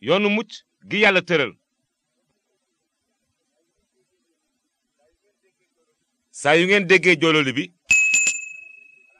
yoonu mucc gi yàlla tëral saa yu ngeen déggee joololi bi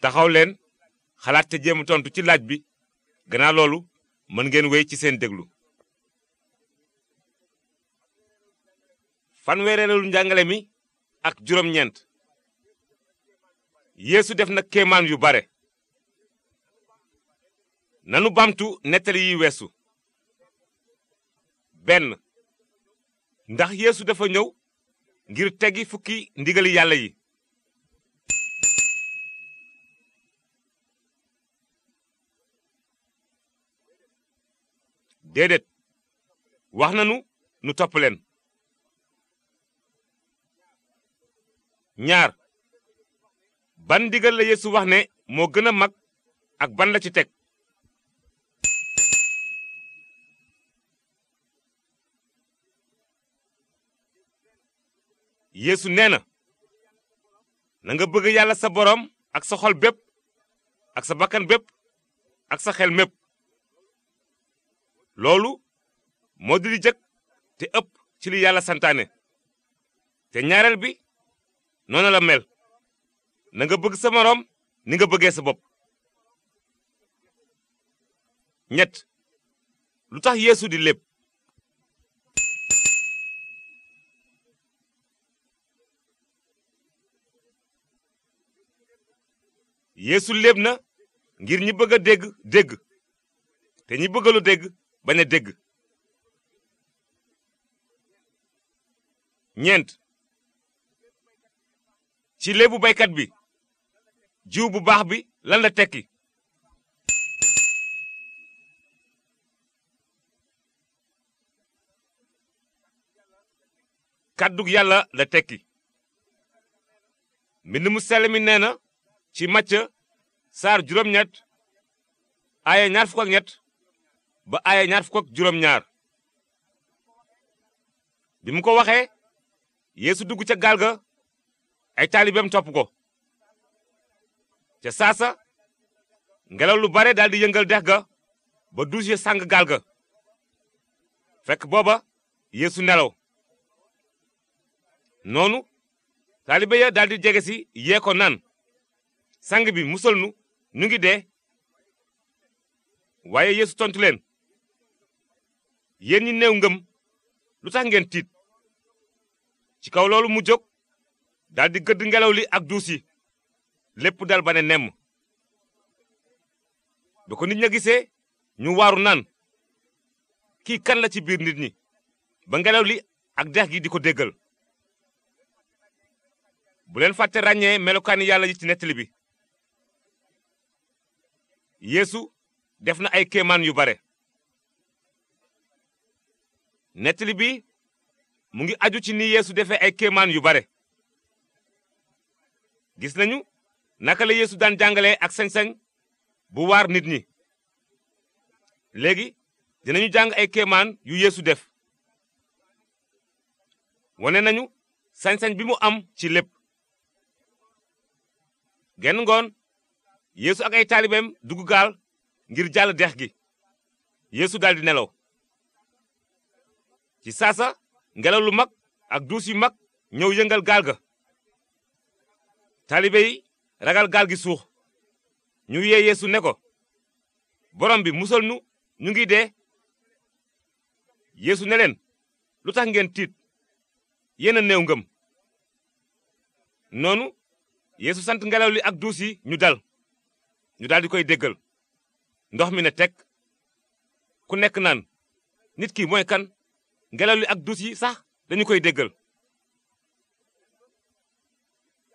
taxaw leen xalaat te jéem tontu ci laaj bi gannaaw loolu mën ngeen wéy ci seen déglu fanweereelu njàngale mi ak juróom ñeent yeesu def na kéemaan yu bare nanu bamtu nettali yi weesu benn ndax yéesu dafa ñëw ngir teggi fukki ndigal yàlla yi déedéet wax nanu nu topp leen ñaar ban ndigal la yéesu wax ne moo gën a mag ak ban la ci teg yéesu nee na nanga bëgg yàlla sa borom ak sa xol bépp ak sa bakkan bépp ak sa xel mépp loolu moo di li jëkk te ëpp ci li yàlla santaane te ñaareel bi noonu la mel nanga bëgg sa morom ni nga bëggee sa bopp ñett lu tax yéesu di lépp yéesu léeb na ngir ñi bëgg a dégg dégg te ñi dégg bañ dégg ñeent ci léebu baykat bi jiw bu baax bi lan la tekki kàddug yàlla la tekki mu sell mi na ci Macca saar juróom-ñett aaye ñaar fukk ñett ba aaye ñaar fukk juróom-ñaar bi mu ko waxee yéesu dugg ca gaal ga ay taalibeem topp ko ca saasa ngelaw lu bare daldi yëngal dex ga ba duus ya sàng gaal ga fekk booba yéesu nelaw noonu taalibe ya daldi jege si yee ko naan sang bi musal nu nu ngi dee waaye yeesu tontu leen yéen néew ngëm lu tax ngeen tiit ci kaw loolu mu jóg daldi gëdd ngelaw li ak duus yi lépp dal ba ne nemm ba ko nit ña gisee ñu waaru naan kii kan la ci biir nit ñi ba ngelaw li ak dex gi di ko déggal bu leen fàtte ràññee melokaani yàlla yi ci nettali bi yéesu def na ay kéemaan yu bare nettali bi mu ngi aju ci ni yéesu defee ay kéemaan yu bare gis nañu naka la yéesu daan jàngalee ak señseñ bu waar nit ñi léegi dinañu jàng ay kéemaan yu yéesu def wane nañu sañ bi mu am ci lépp genn ngoon yéesu ak ay taalibeem dugg gaal ngir jàll dex gi yéesu daldi nelaw ci saasa ngelaw lu mag ak duus yu mag ñëw yëngal gaal ga taalibe yi ragal gaal gi suux ñu yee yeesu ne ko borom bi musal nu ñu ngi dee yéesu ne leen lu tax ngeen tiit yéen a néew ngëm noonu yéesu sant ngelaw li ak duus yi ñu dal ñu daal di koy déggal ndox mi ne teg ku nekk naan nit ki mooy kan ngelaw li ak dus yi sax dañu koy déggal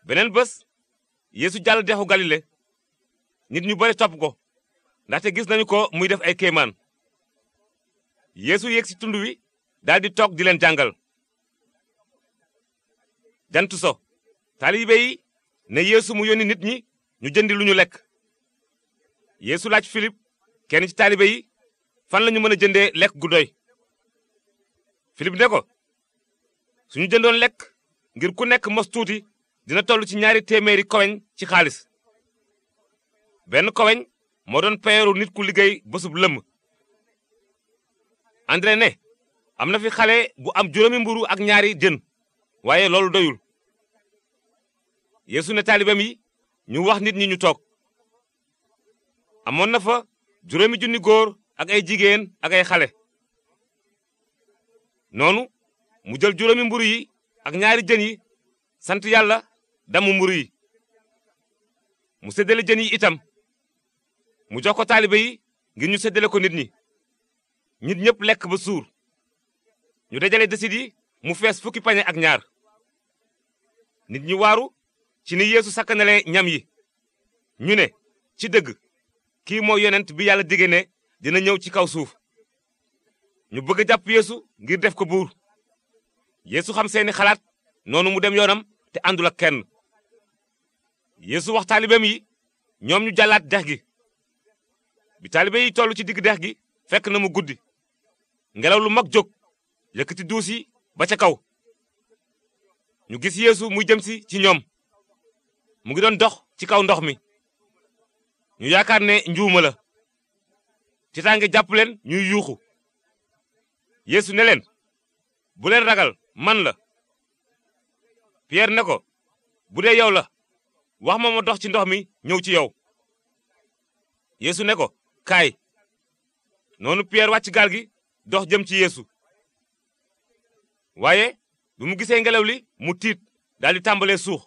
beneen bés yéesu jàll dexu galile nit ñu bari topp ko ndaxte gis nañu ko muy def ay kéemaan yéesu yeg ci tund wi daal di toog di leen jàngal jant so taalibe yi ne yeesu mu yónni nit ñi ñu jëndi lu ñu lekk yéesu laaj filip kenn ci taalibe yi fan lañu mën a jëndee lekk gu doy filip ne ko suñu jëndoon lekk ngir ku nekk mos tuuti dina toll ci ñaari téeméeri koweñ ci xaalis benn koweñ moo doon peyoru nit ku liggéey bésub lëmm André ne am na fi xale bu am juróomi mburu ak ñaari jën waaye loolu doyul yeesu ne taalibeem yi ñu wax nit ñi ñu toog amoon na fa juróomi junni góor ak ay jigéen ak ay xale noonu mu jël juróomi mburu yi ak ñaari jën yi sant yàlla damu mburu yi mu séddale jën yi itam mu jox ko taalibe yi ngir ñu séddale ko nit ñi nit ñëpp lekk ba suur ñu dajale desit yi mu fees fukki pañe ak ñaar nit ñi waaru ci ni yeesu sakkanale ñam yi ñu ne ci dëgg kii mooy yonent bi yàlla dige ne dina ñëw ci kaw suuf ñu bëgg a jàpp yeesu ngir def ko buur yeesu xam seeni xalaat noonu mu dem yoonam te àndul kenn yéesu wax taalibeem yi ñoom ñu jallaat dex gi bi taalibe yi toll ci digg dex gi fekk na mu guddi ngelaw lu mag jóg yëkkati duus yi ba ca kaw ñu gis yéesu mu jëm si ci ñoom mu ngi doon dox ci kaw ndox mi ñu yaakaar ne njuuma la tiitaange jàpp leen ñuy yuuxu yeesu ne leen bu leen ragal man la Pierre ne ko bu dee yow la wax ma ma dox ci ndox mi ñëw ci yow yéesu ne ko kaay noonu Pierre wàcc gaal gi dox jëm ci yéesu waaye bi mu gisee ngelaw li mu tiit daldi tàmbalee suux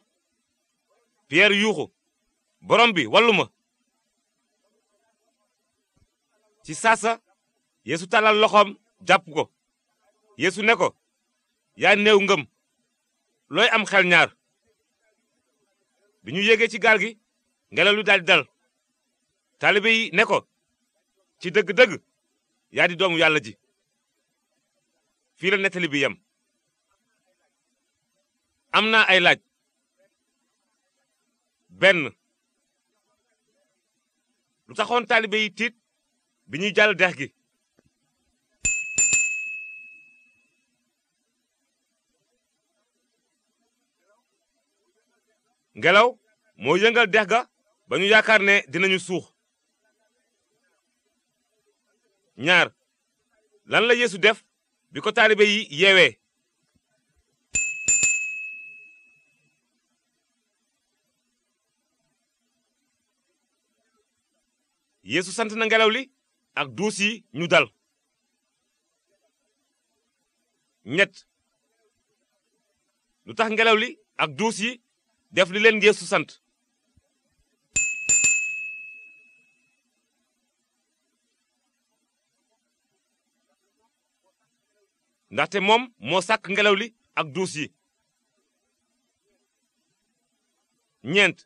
Pierre yuuxu borom bi wallu ci saasa yéesu tàllal loxoom jàpp ko yéesu ne ko yaa néew ngëm looy am xel ñaar bi ñu yégee ci gaal gi ngelaw lu daldi dal taalibe yi ne ko ci dëgg-dëgg yaa di doomu yàlla ji fii la nettali bi yem am naa ay laaj benn lu taxoon taalibe tiit bi ñuy jàll dex gi ngelaw moo yëngal dex ga ba ñu yaakaar ne dinañu suux ñaar lan la yeesu def bi ko taalibe yi yeewee yeesu sant na ngelaw li ak duus yi ñu dal ñett lu tax ngelaw li ak duus yi def li leen Yeesu sant ndaxte moom moo sàkk ngelaw li ak duus yi ñeent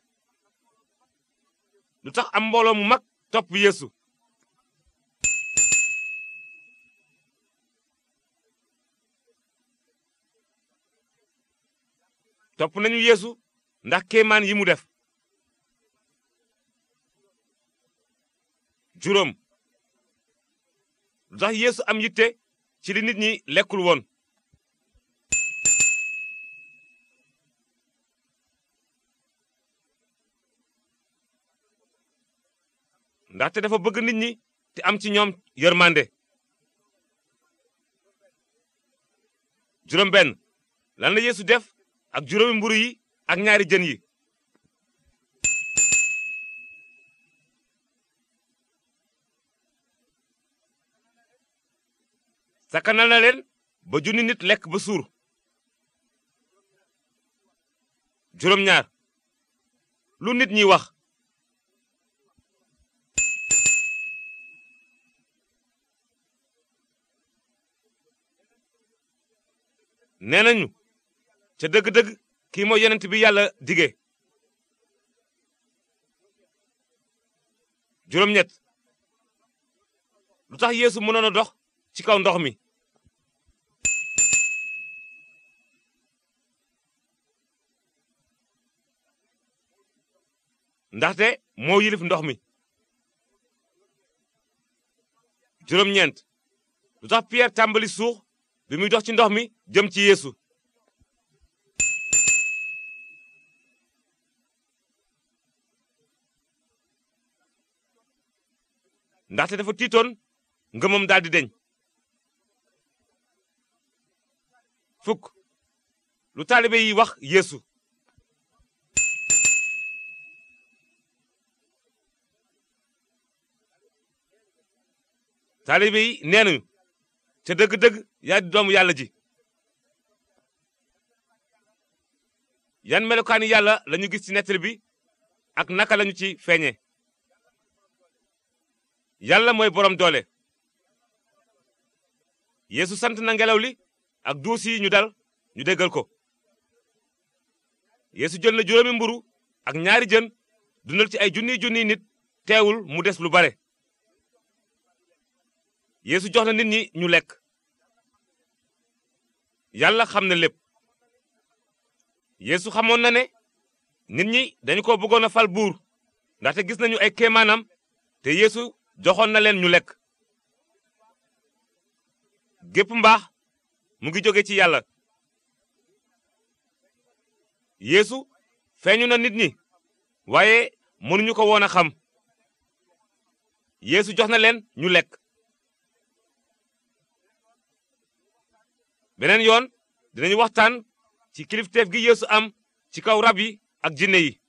lu tax am mbooloo mu mag topp Yeesu topp nañu yéesu ndax kéemaan yi mu def juróom lu tax yeesu am yitte ci li nit ñi lekkul woon ndaxte dafa bëgg nit ñi te am ci ñoom yërmande juróom benn lan la yeesu def ak juróomi mburu yi ak ñaari jën yi sakkanal na leen ba junni nit lekk ba suur juróom ñaar lu nit ñi wax nee nañu ca dëgg-dëgg kii moo yonent bi yàlla dige juróom lu tax yéesu mënoon a dox ci kaw ndox mi ndaxte moo yilif ndox mi juróom-ñeent lu tax Pierre tàmbali suux bi muy dox ci ndox mi jëm ci yéesu ndaxte dafa tiitoon ngëmam daldi deñ fukk lu taalibe wax yéesu taalibe yi nee te dëgg-dëgg yaa di doomu yàlla ji yan melokaani yàlla lañu gis ci nettali bi ak naka lañu ci feeñe yàlla mooy borom doole yéesu sant na ngelaw li ak duus ñu dal ñu déggal ko yéesu jël na juróomi mburu ak ñaari jën dundal ci ay junni junni nit teewul mu des lu bare yéesu jox na nit ñi ñu lekk yàlla xam na lépp yéesu xamoon na ne nit ñi dañu ko bëggoon a fal buur ndaxte gis nañu ay kéemaanam te yeesu joxoon na leen ñu lekk gépp mbaax mu ngi jóge ci yàlla yéesu feeñu na nit ñi waaye mënuñu ko woon a xam yéesu jox na leen ñu lekk beneen yoon dinañu waxtaan ci kilifteef gi yéesu am ci kaw rab yi ak jinne yi